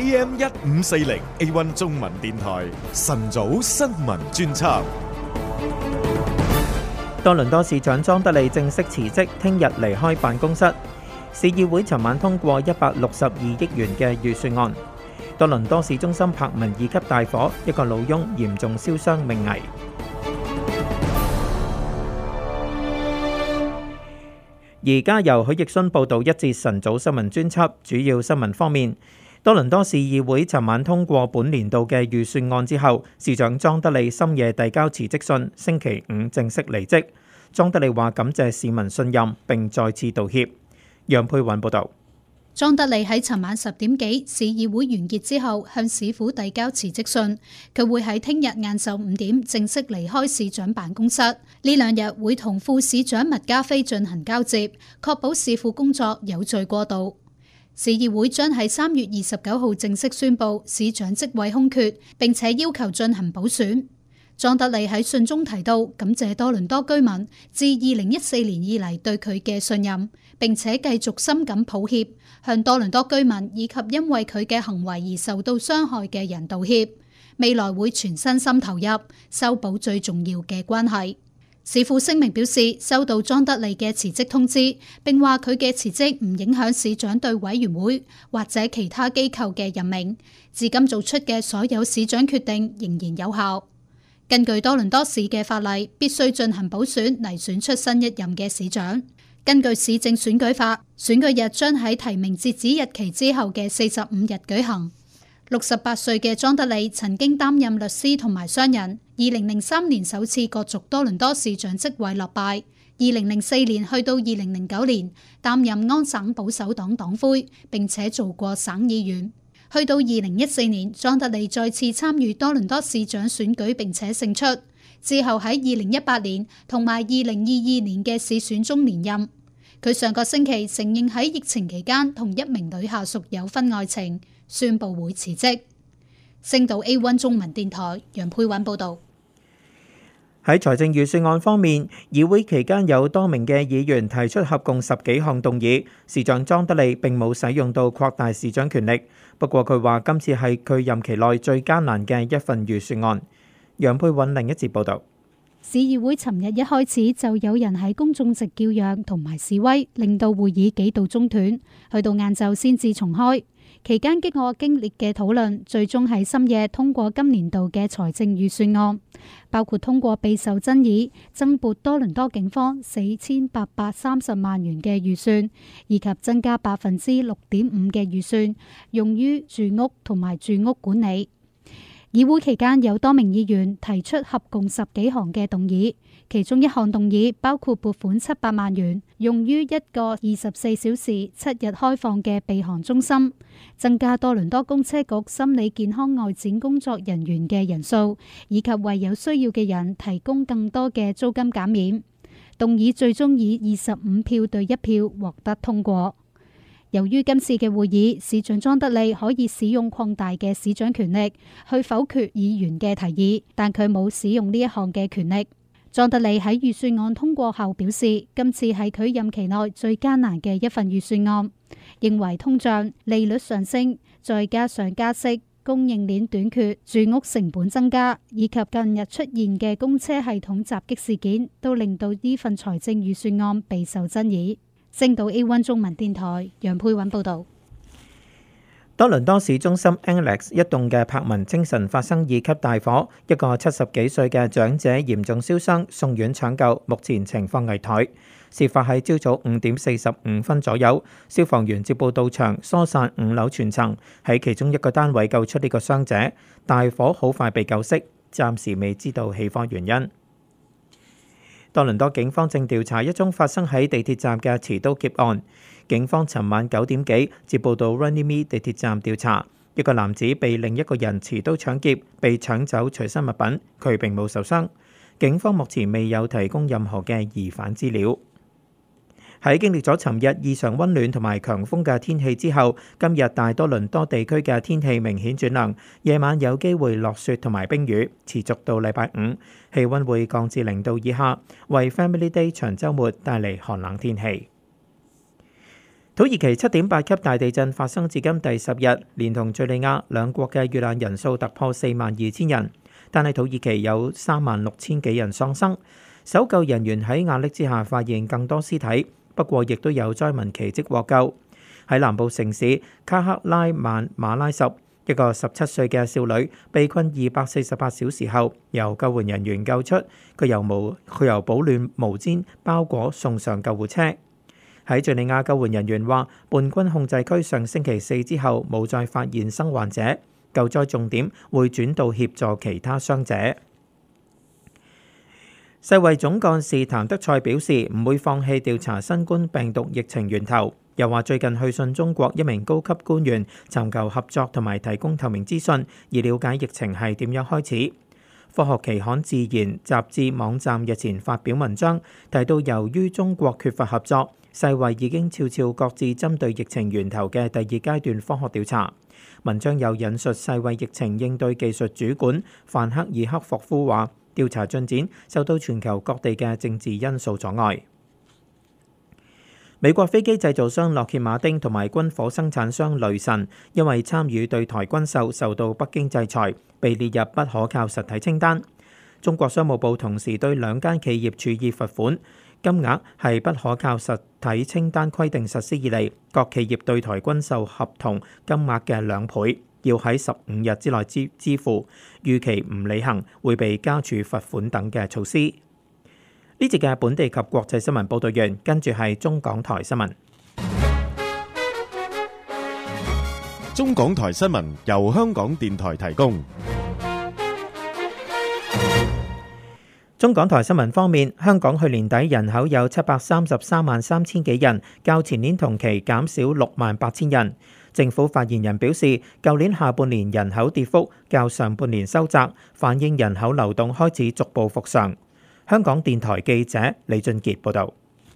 AM 一五四零 A One 中文電台晨早新聞專輯。多倫多市長莊德利正式辭職，聽日離開辦公室。市議會尋晚通過一百六十二億元嘅預算案。多倫多市中心柏文二級大火，一個老翁嚴重燒傷，命危。而家由許奕迅報道一節晨早新聞專輯，主要新聞方面。多倫多市議會尋晚通過本年度嘅預算案之後，市長莊德利深夜遞交辭職信，星期五正式離職。莊德利話感謝市民信任並再次道歉。楊佩雲報導。莊德利喺尋晚十點幾市議會完結之後，向市府遞交辭職信。佢會喺聽日晏晝五點正式離開市長辦公室。呢兩日會同副市長麥加菲進行交接，確保市府工作有序過渡。市議會將喺三月二十九號正式宣布，市長職位空缺，並且要求進行補選。莊德利喺信中提到，感謝多倫多居民自二零一四年以嚟對佢嘅信任，並且繼續深感抱歉，向多倫多居民以及因為佢嘅行為而受到傷害嘅人道歉。未來會全身心投入，修補最重要嘅關係。市府聲明表示收到莊德利嘅辭職通知，並話佢嘅辭職唔影響市長對委員會或者其他機構嘅任命。至今做出嘅所有市長決定仍然有效。根據多倫多市嘅法例，必須進行補選嚟選出新一任嘅市長。根據市政選舉法，選舉日將喺提名截止日期之後嘅四十五日舉行。六十八歲嘅莊德利曾經擔任律師同埋商人。二零零三年首次角逐多倫多市長職位落敗。二零零四年去到二零零九年擔任安省保守黨黨魁，並且做過省議員。去到二零一四年，莊德利再次參與多倫多市長選舉並且勝出。之後喺二零一八年同埋二零二二年嘅市選中連任。佢上個星期承認喺疫情期間同一名女下屬有婚外情。宣布會辭職。星島 A1 中文電台楊佩韻報道：「喺財政預算案方面，議會期間有多名嘅議員提出合共十幾項動議，市長莊德利並冇使用到擴大市長權力。不過，佢話今次係佢任期內最艱難嘅一份預算案。楊佩韻另一節報導。市議會尋日一開始就有人喺公眾席叫嚷同埋示威，令到會議幾度中斷，去到晏晝先至重開。期間經過激烈嘅討論，最終喺深夜通過今年度嘅財政預算案，包括通過備受爭議增撥多倫多警方四千八百三十萬元嘅預算，以及增加百分之六點五嘅預算用於住屋同埋住屋管理。議會期間有多名議員提出合共十幾項嘅動議。其中一項動議包括撥款七百萬元，用於一個二十四小時、七日開放嘅避寒中心，增加多倫多公車局心理健康外展工作人員嘅人數，以及為有需要嘅人提供更多嘅租金減免。動議最終以二十五票對一票獲得通過。由於今次嘅會議市長莊德利可以使用擴大嘅市長權力去否決議員嘅提議，但佢冇使用呢一項嘅權力。莊德利喺預算案通過後表示，今次係佢任期內最艱難嘅一份預算案，認為通脹、利率上升，再加上加息、供應鏈短缺、住屋成本增加，以及近日出現嘅公車系統襲擊事件，都令到呢份財政預算案備受爭議。星島 A1 中文電台楊佩韻報道。多倫多市中心 Alex 一棟嘅柏文精神發生二級大火，一個七十幾歲嘅長者嚴重燒傷，送院搶救，目前情況危殆。事發喺朝早五點四十五分左右，消防員接報到場疏散五樓全層，喺其中一個單位救出呢個傷者，大火好快被救熄，暫時未知道起火原因。多倫多警方正調查一宗發生喺地鐵站嘅持刀劫案。警方尋晚九點幾接報到 Runnymede 地鐵站調查，一個男子被另一個人持刀搶劫，被搶走隨身物品，佢並冇受傷。警方目前未有提供任何嘅疑犯資料。喺經歷咗尋日異常温暖同埋強風嘅天氣之後，今日大多倫多地區嘅天氣明顯轉冷，夜晚有機會落雪同埋冰雨，持續到禮拜五，氣温會降至零度以下，為 Family Day 長週末帶嚟寒冷天氣。土耳其七點八級大地震發生至今第十日，連同敘利亞兩國嘅遇難人數突破四萬二千人，但係土耳其有三萬六千幾人喪生。搜救人員喺壓力之下發現更多屍體，不過亦都有災民奇蹟獲救。喺南部城市卡克拉曼馬拉什，一個十七歲嘅少女被困二百四十八小時後，由救援人員救出，佢由毛佢由保暖毛氈包裹送上救護車。喺敘利亞救援人員話，叛軍控制區上星期四之後冇再發現生還者，救災重點會轉到協助其他傷者。世衛總幹事譚德塞表示唔會放棄調查新冠病毒疫情源頭，又話最近去信中國一名高級官員，尋求合作同埋提供透明資訊，而了解疫情係點樣開始。科學期刊《自然》雜誌網站日前發表文章提到，由於中國缺乏合作。世衛已經悄悄擱置針對疫情源頭嘅第二階段科學調查。文章又引述世衛疫情應對技術主管范克爾克霍夫話：調查進展受到全球各地嘅政治因素阻礙。美國飛機製造商洛歇馬丁同埋軍火生產商雷神，因為參與對台軍售受到北京制裁，被列入不可靠實體清單。中國商務部同時對兩間企業處以罰款。金額係不可靠實體清單規定實施以嚟，各企業對台軍售合同金額嘅兩倍，要喺十五日之內支支付，逾期唔履行會被加處罰款等嘅措施。呢節嘅本地及國際新聞報道完，跟住係中港台新聞。中港台新聞由香港電台提供。中港台新聞方面，香港去年底人口有七百三十三萬三千幾人，較前年同期減少六萬八千人。政府發言人表示，舊年下半年人口跌幅較上半年收窄，反映人口流動開始逐步復常。香港電台記者李俊傑報道，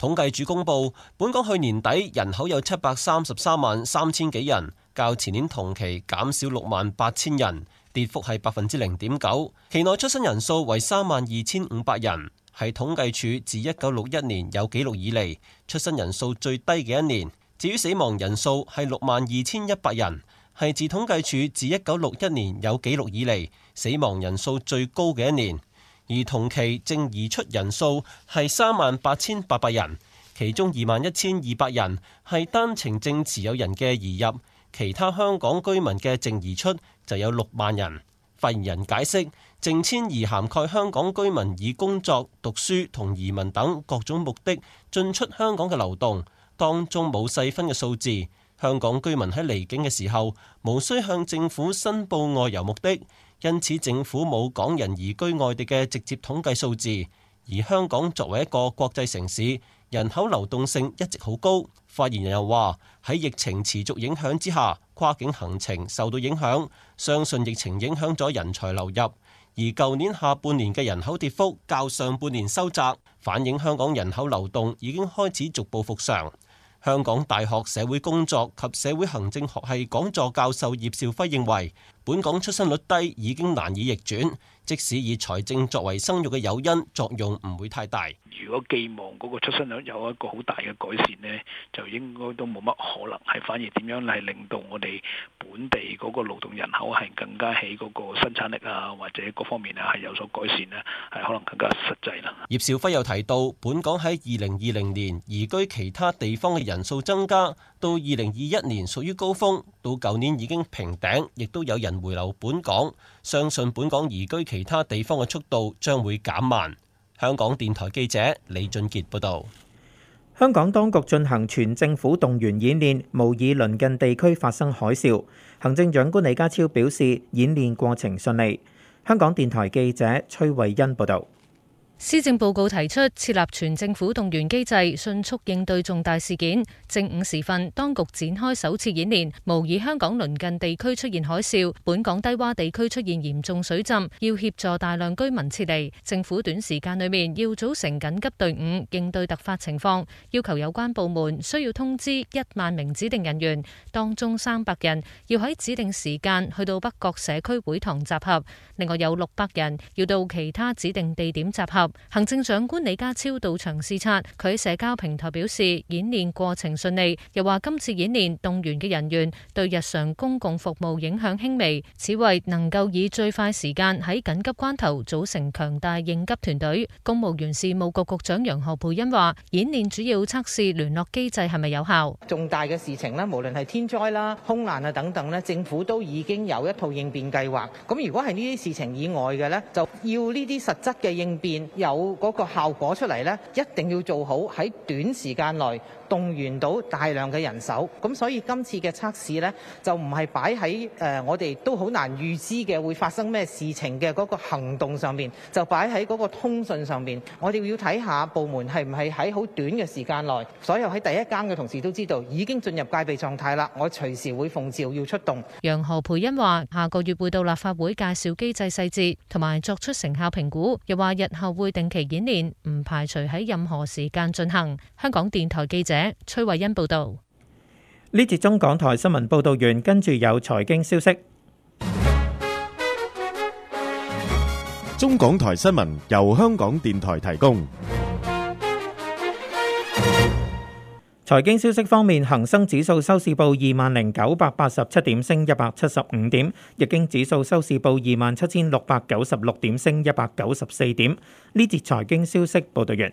統計處公布本港去年底人口有七百三十三萬三千幾人，較前年同期減少六萬八千人。跌幅係百分之零點九，期內出生人數為三萬二千五百人，係統計處自一九六一年有記錄以嚟出生人數最低嘅一年。至於死亡人數係六萬二千一百人，係自統計處自一九六一年有記錄以嚟死亡人數最高嘅一年。而同期正移出人數係三萬八千八百人，其中二萬一千二百人係單程證持有人嘅移入。其他香港居民嘅淨移出就有六萬人。發言人解釋，淨遷移涵蓋香港居民以工作、讀書同移民等各種目的進出香港嘅流動，當中冇細分嘅數字。香港居民喺離境嘅時候，無需向政府申報外遊目的，因此政府冇港人移居外地嘅直接統計數字。而香港作為一個國際城市，人口流動性一直好高，發言人又話，喺疫情持續影響之下，跨境行程受到影響，相信疫情影響咗人才流入，而舊年下半年嘅人口跌幅較上半年收窄，反映香港人口流動已經開始逐步復常。香港大學社會工作及社會行政學系講座教授葉兆輝認為。本港出生率低已經難以逆轉，即使以財政作為生育嘅誘因，作用唔會太大。如果寄望嗰個出生率有一個好大嘅改善咧，就應該都冇乜可能。係反而點樣嚟令到我哋本地嗰個勞動人口係更加起嗰個生產力啊，或者各方面啊係有所改善咧，係可能更加實際啦。葉兆輝又提到，本港喺二零二零年移居其他地方嘅人數增加，到二零二一年屬於高峰，到舊年已經平頂，亦都有人。回流本港，相信本港移居其他地方嘅速度將會減慢。香港電台記者李俊杰報道。香港當局進行全政府動員演練，模擬鄰近地區發生海嘯。行政長官李家超表示，演練過程順利。香港電台記者崔慧欣報道。施政報告提出，設立全政府動員機制，迅速應對重大事件。正午時分，當局展開首次演練，模擬香港鄰近地區出現海嘯，本港低窪地區出現嚴重水浸，要協助大量居民撤離。政府短時間裏面，要組成緊急隊伍，應對突發情況。要求有關部門，需要通知一萬名指定人員。當中三百人，要喺指定時間去到北角社區會堂集合。另外，有六百人，要到其他指定地點集合。行政長官李家超到場視察，佢喺社交平台表示，演練過程順利，又話今次演練動員嘅人員對日常公共服務影響輕微，此為能夠以最快時間喺緊急關頭組成強大應急團隊。公務員事務局局長楊何蓓茵話，演練主要測試聯絡機制係咪有效。重大嘅事情咧，無論係天災啦、空難啊等等咧，政府都已經有一套應變計劃。咁如果係呢啲事情以外嘅咧，就要呢啲實質嘅應變。有嗰個效果出嚟咧，一定要做好喺短時間內。動員到大量嘅人手，咁所以今次嘅測試咧，就唔係擺喺誒我哋都好難預知嘅會發生咩事情嘅個行動上面，就擺喺個通訊上面，我哋要睇下部門係唔係喺好短嘅時間內，所有喺第一間嘅同事都知道已經進入戒備狀態啦，我隨時會奉召要出動。楊何培恩話下個月會到立法會介紹機制細節同埋作出成效評估。又話日後會定期演練，唔排除喺任何時間進行。香港電台記者。崔慧欣報道：呢節中港台新聞報道完，跟住有財經消息。中港台新聞由香港電台提供。財經消息方面，恒生指數收市報二萬零九百八十七點，升一百七十五點，日經指數收市報二萬七千六百九十六點，升一百九十四點。呢節財經消息報道完。